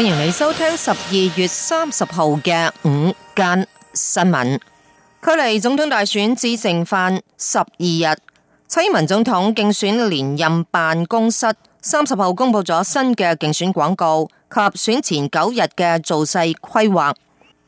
歡迎你收聽十二月三十號嘅午間新聞。距離總統大選只剩返十二日，蔡英文總統競選連任辦公室三十號公布咗新嘅競選廣告及選前九日嘅造勢規劃。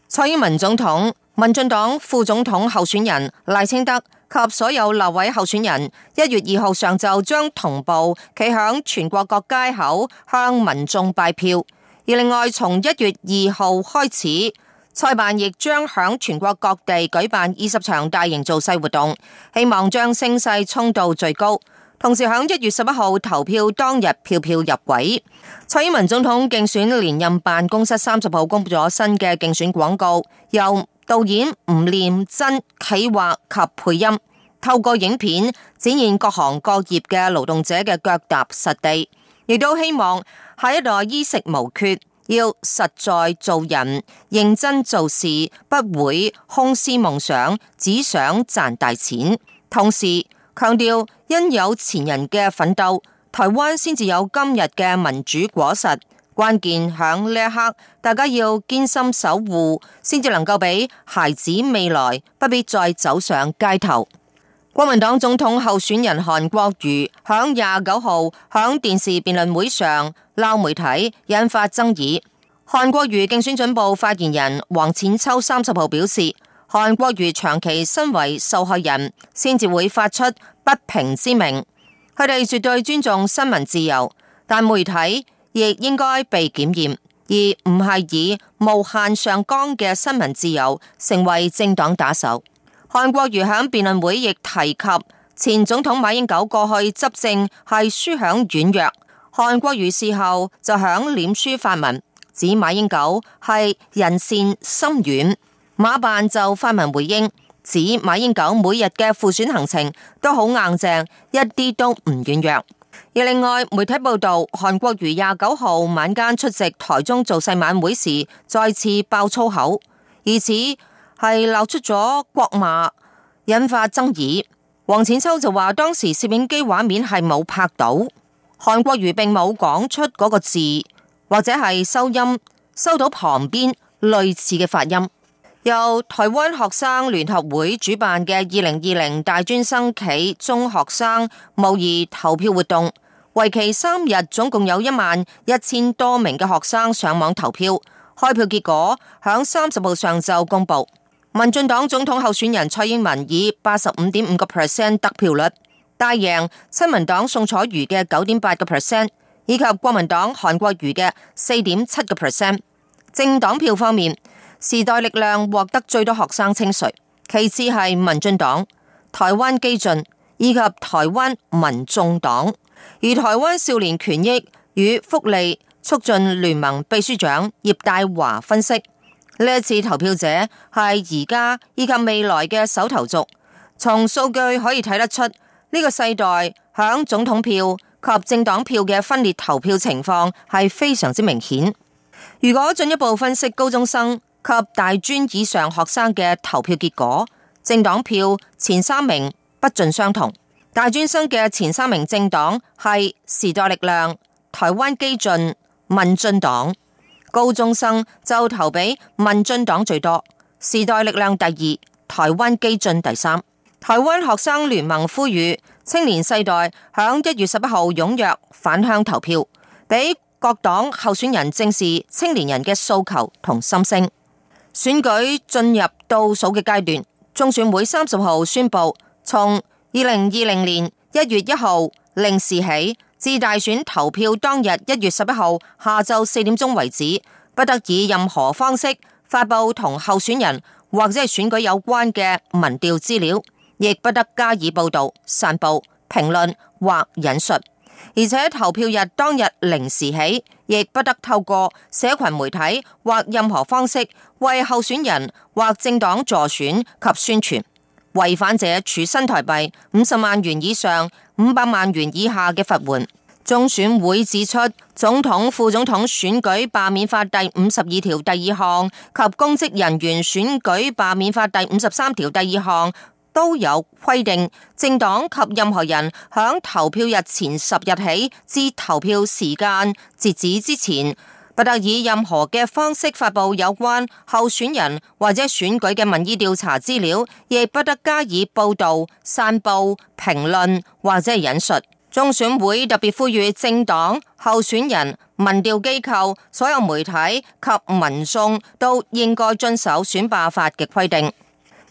蔡英文總統、民進黨副總統候選人賴清德及所有立委候選人一月二號上晝將同步企響全國各街口向民眾拜票。而另外，從一月二號開始，蔡辦亦將響全國各地舉辦二十場大型造勢活動，希望將聲勢衝到最高。同時，響一月十一號投票當日票票入位。蔡英文總統競選連任辦公室三十號公佈咗新嘅競選廣告，由導演吳念真企劃及配音，透過影片展現各行各業嘅勞動者嘅腳踏實地，亦都希望。下一代衣食無缺，要實在做人，認真做事，不會空思夢想，只想賺大錢。同時強調，因有前人嘅奮鬥，台灣先至有今日嘅民主果實。關鍵響呢一刻，大家要堅心守護，先至能夠俾孩子未來不必再走上街頭。國民黨總統候選人韓國瑜響廿九號響電視辯論會上鬧媒體，引發爭議。韓國瑜競選總部發言人黃淺秋三十號表示，韓國瑜長期身為受害人，先至會發出不平之鳴。佢哋絕對尊重新聞自由，但媒體亦應該被檢驗，而唔係以無限上綱嘅新聞自由成為政黨打手。韓國瑜響辯論會亦提及前總統馬英九過去執政係輸響軟弱，韓國瑜事後就響臉書發文指馬英九係人善心軟，馬辦就發文回應指馬英九每日嘅輔選行程都好硬淨，一啲都唔軟弱。而另外媒體報道，韓國瑜廿九號晚間出席台中造勢晚會時再次爆粗口，而此。係鬧出咗國罵，引發爭議。王淺秋就話，當時攝影機畫面係冇拍到，韓國瑜並冇講出嗰個字，或者係收音收到旁邊類似嘅發音。由台灣學生聯合會主辦嘅二零二零大專生暨中學生模擬投票活動，為期三日，總共有一萬一千多名嘅學生上網投票。開票結果響三十號上晝公布。民進黨總統候選人蔡英文以八十五點五個 percent 得票率大贏，親民黨宋楚瑜嘅九點八個 percent，以及國民黨韓國瑜嘅四點七個 percent。政黨票方面，時代力量獲得最多學生青睞，其次係民進黨、台灣基進以及台灣民眾黨。而台灣少年權益與福利促進聯盟秘書長葉大華分析。呢一次投票者係而家以及未來嘅首投族，從數據可以睇得出呢、這個世代響總統票及政黨票嘅分裂投票情況係非常之明顯。如果進一步分析高中生及大專以上學生嘅投票結果，政黨票前三名不盡相同。大專生嘅前三名政黨係時代力量、台灣基進、民進黨。高中生就投俾民進黨最多，時代力量第二，台灣基進第三。台灣學生聯盟呼籲青年世代響一月十一號踊躍返鄉投票，俾各黨候選人正視青年人嘅訴求同心聲。選舉進入倒數嘅階段，中選會三十號宣布，從二零二零年一月一號零時起，自大選投票當日一月十一號下晝四點鐘為止，不得以任何方式發布同候選人或者係選舉有關嘅民調資料，亦不得加以報道、散布、評論或引述。而且投票日當日零時起，亦不得透過社群媒體或任何方式為候選人或政黨助選及宣傳。違反者處新台幣五十萬元以上五百萬元以下嘅罰鍰。中選會指出，總統、副總統選舉罷免法第五十二條第二項及公職人員選舉罷免法第五十三條第二項都有規定，政黨及任何人響投票日前十日起至投票時間截止之前。不得以任何嘅方式發佈有關候選人或者選舉嘅民意調查資料，亦不得加以報道、散布、評論或者引述。中選會特別呼籲政黨、候選人、民調機構、所有媒體及民眾都應該遵守《選罷法》嘅規定。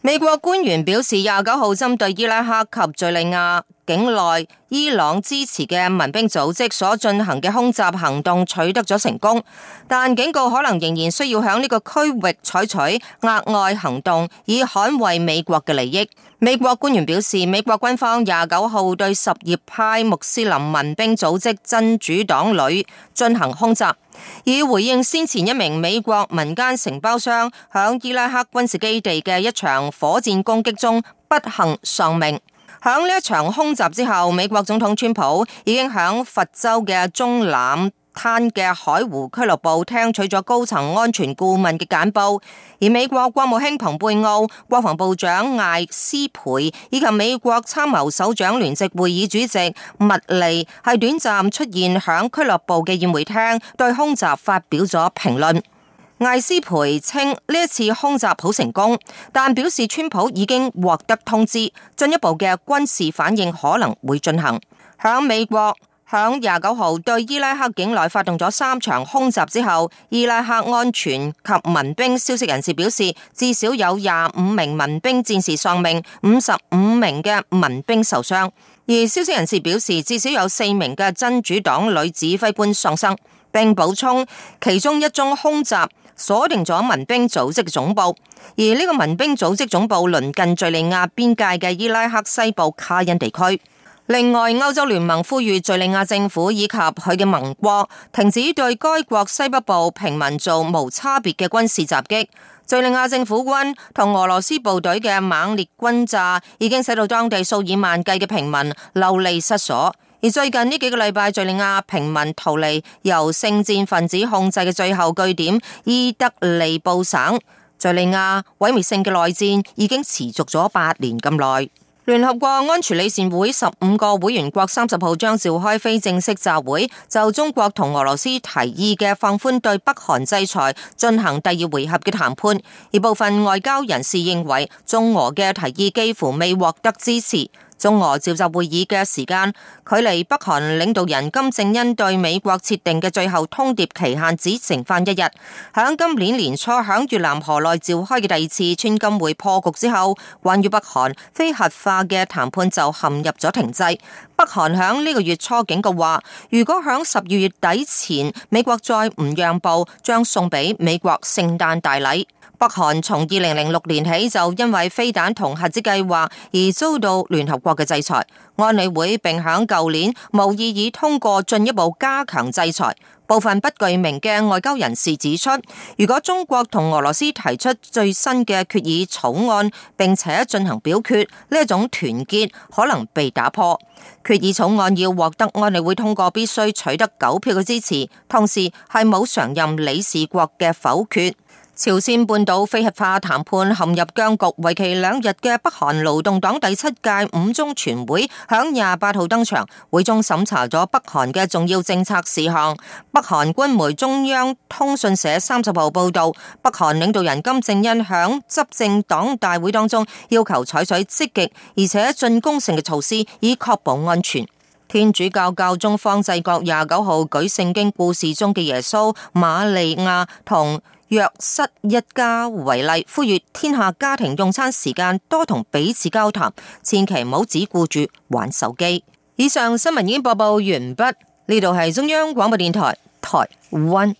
美國官員表示，廿九號針對伊拉克及敘利亞。境內伊朗支持嘅民兵組織所進行嘅空襲行動取得咗成功，但警告可能仍然需要響呢個區域採取額外行動，以捍衛美國嘅利益。美國官員表示，美國軍方廿九號對什葉派穆斯林民兵組織真主黨旅進行空襲，以回應先前一名美國民間承包商響伊拉克軍事基地嘅一場火箭攻擊中不幸喪命。喺呢一場空襲之後，美國總統川普已經響佛州嘅棕櫚灘嘅海湖俱樂部聽取咗高層安全顧問嘅簡報，而美國國務卿蓬佩奧、國防部長艾斯培以及美國參謀首長聯席會議主席麥利係短暫出現響俱樂部嘅宴會廳，對空襲發表咗評論。艾斯培稱呢一次空襲好成功，但表示川普已經獲得通知，進一步嘅軍事反應可能會進行。響美國響廿九號對伊拉克境內發動咗三場空襲之後，伊拉克安全及民兵消息人士表示，至少有廿五名民兵戰士喪命，五十五名嘅民兵受傷。而消息人士表示，至少有四名嘅真主黨女指揮官喪生，並補充其中一宗空襲。鎖定咗民兵組織總部，而呢個民兵組織總部鄰近敘利亞邊界嘅伊拉克西部卡恩地區。另外，歐洲聯盟呼籲敘利亞政府以及佢嘅盟國停止對該國西北部，部平民做無差別嘅軍事襲擊。敘利亞政府軍同俄羅斯部隊嘅猛烈轟炸，已經使到當地數以萬計嘅平民流離失所。而最近呢幾個禮拜，敘利亞平民逃離由聖戰分子控制嘅最後據點伊德利布省。敘利亞毀滅性嘅內戰已經持續咗八年咁耐。聯合國安全理事會十五個會員國三十號將召開非正式集會，就中國同俄羅斯提議嘅放寬對北韓制裁進行第二回合嘅談判。而部分外交人士認為，中俄嘅提議幾乎未獲得支持。中俄召集會議嘅時間，距離北韓領導人金正恩對美國設定嘅最後通牒期限只剩翻一日。響今年年初響越南河內召開嘅第二次川金會破局之後，關於北韓非核化嘅談判就陷入咗停滯。北韓響呢個月初警告話，如果響十二月底前美國再唔讓步，將送俾美國聖誕大禮。北韓從二零零六年起就因為飛彈同核子計劃而遭到聯合國嘅制裁，安理會並響舊年無意已通過進一步加強制裁。部分不具名嘅外交人士指出，如果中國同俄羅斯提出最新嘅決議草案，並且進行表決，呢一種團結可能被打破。決議草案要獲得安理會通過，必須取得九票嘅支持，同時係冇常任理事國嘅否決。朝鮮半島非核化談判陷入僵局。為期兩日嘅北韓勞動黨第七屆五中全會響廿八號登場，會中審查咗北韓嘅重要政策事項。北韓官媒中央通訊社三十號報道，北韓領導人金正恩響執政黨大會當中要求採取積極而且進攻性嘅措施，以確保安全。天主教教宗方濟各廿九號舉聖經故事中嘅耶穌、瑪利亞同約瑟一家為例，呼籲天下家庭用餐時間多同彼此交談，千祈唔好只顧住玩手機。以上新聞已經播報完畢，呢度係中央廣播電台台灣。